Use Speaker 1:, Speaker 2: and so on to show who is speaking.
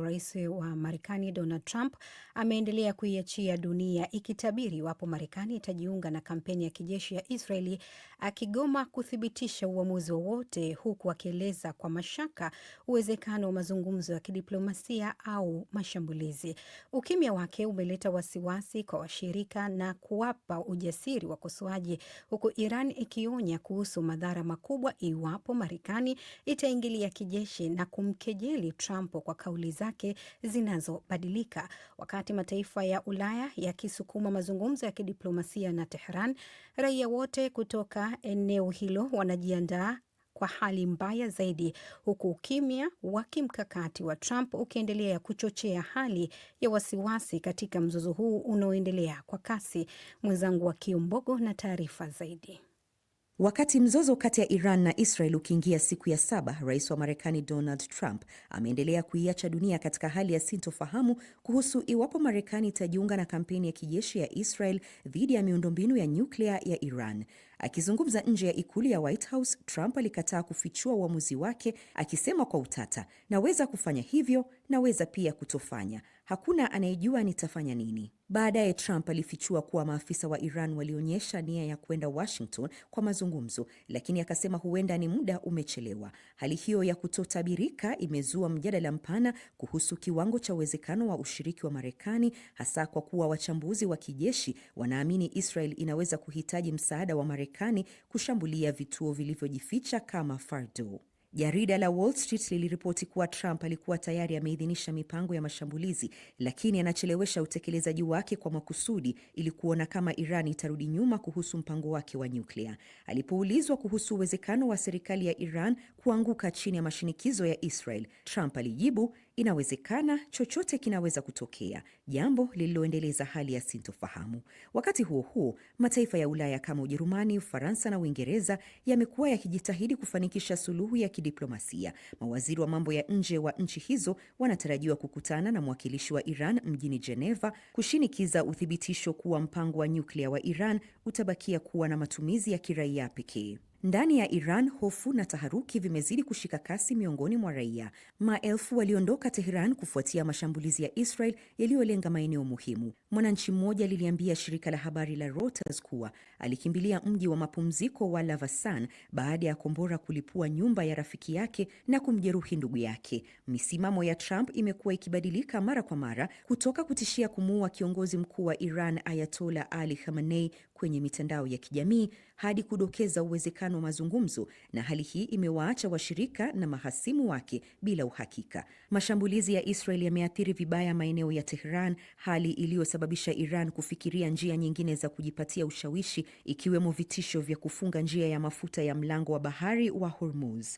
Speaker 1: Rais wa Marekani Donald Trump ameendelea kuiachia dunia ikitabiri iwapo Marekani itajiunga na kampeni ya kijeshi ya Israeli, akigoma kuthibitisha uamuzi wowote, huku akieleza kwa mashaka uwezekano wa mazungumzo ya kidiplomasia au mashambulizi. Ukimya wake umeleta wasiwasi kwa washirika na kuwapa ujasiri wakosoaji, huku Iran ikionya kuhusu madhara makubwa iwapo Marekani itaingilia kijeshi na kumkejeli Trump kwa kauli zake zake zinazobadilika, wakati mataifa ya Ulaya yakisukuma mazungumzo ya kidiplomasia na Tehran. Raia wote kutoka eneo hilo wanajiandaa kwa hali mbaya zaidi, huku ukimya wa kimkakati wa Trump ukiendelea kuchochea hali ya wasiwasi katika mzozo huu unaoendelea kwa kasi. Mwenzangu wa Kiumbogo na taarifa zaidi.
Speaker 2: Wakati mzozo kati ya Iran na Israel ukiingia siku ya saba, rais wa Marekani Donald Trump ameendelea kuiacha dunia katika hali ya sintofahamu kuhusu iwapo Marekani itajiunga na kampeni ya kijeshi ya Israel dhidi ya miundombinu ya nyuklia ya Iran. Akizungumza nje ya ikulu ya White House, Trump alikataa kufichua uamuzi wake akisema kwa utata, naweza kufanya hivyo, naweza pia kutofanya, hakuna anayejua nitafanya nini. Baadaye Trump alifichua kuwa maafisa wa Iran walionyesha nia ya kwenda Washington kwa mazungumzo, lakini akasema huenda ni muda umechelewa. Hali hiyo ya kutotabirika imezua mjadala mpana kuhusu kiwango cha uwezekano wa ushiriki wa Marekani, hasa kwa kuwa wachambuzi wa kijeshi wanaamini Israel inaweza kuhitaji msaada wa Marekani Marekani kushambulia vituo vilivyojificha kama Fardo. Jarida la Wall Street liliripoti kuwa Trump alikuwa tayari ameidhinisha mipango ya mashambulizi, lakini anachelewesha utekelezaji wake kwa makusudi ili kuona kama Iran itarudi nyuma kuhusu mpango wake wa nyuklia. Alipoulizwa kuhusu uwezekano wa serikali ya Iran kuanguka chini ya mashinikizo ya Israel, Trump alijibu Inawezekana chochote kinaweza kutokea, jambo lililoendeleza hali ya sintofahamu. Wakati huo huo, mataifa ya Ulaya kama Ujerumani, Ufaransa na Uingereza yamekuwa yakijitahidi kufanikisha suluhu ya kidiplomasia. Mawaziri wa mambo ya nje wa nchi hizo wanatarajiwa kukutana na mwakilishi wa Iran mjini Geneva kushinikiza uthibitisho kuwa mpango wa nyuklia wa Iran utabakia kuwa na matumizi ya kiraia pekee. Ndani ya Iran, hofu na taharuki vimezidi kushika kasi miongoni mwa raia. Maelfu waliondoka Teheran kufuatia mashambulizi ya Israel yaliyolenga maeneo muhimu. Mwananchi mmoja aliliambia shirika la habari la Reuters kuwa alikimbilia mji wa mapumziko wa Lavasan baada ya kombora kulipua nyumba ya rafiki yake na kumjeruhi ndugu yake. Misimamo ya Trump imekuwa ikibadilika mara kwa mara kutoka kutishia kumuua kiongozi mkuu wa Iran Ayatola Ali Khamenei kwenye mitandao ya kijamii hadi kudokeza uwezekano wa mazungumzo, na hali hii imewaacha washirika na mahasimu wake bila uhakika. Mashambulizi ya Israel yameathiri vibaya maeneo ya Tehran, hali iliyosababisha Iran kufikiria njia nyingine za kujipatia ushawishi, ikiwemo vitisho vya kufunga njia ya mafuta ya mlango wa bahari wa Hormuz.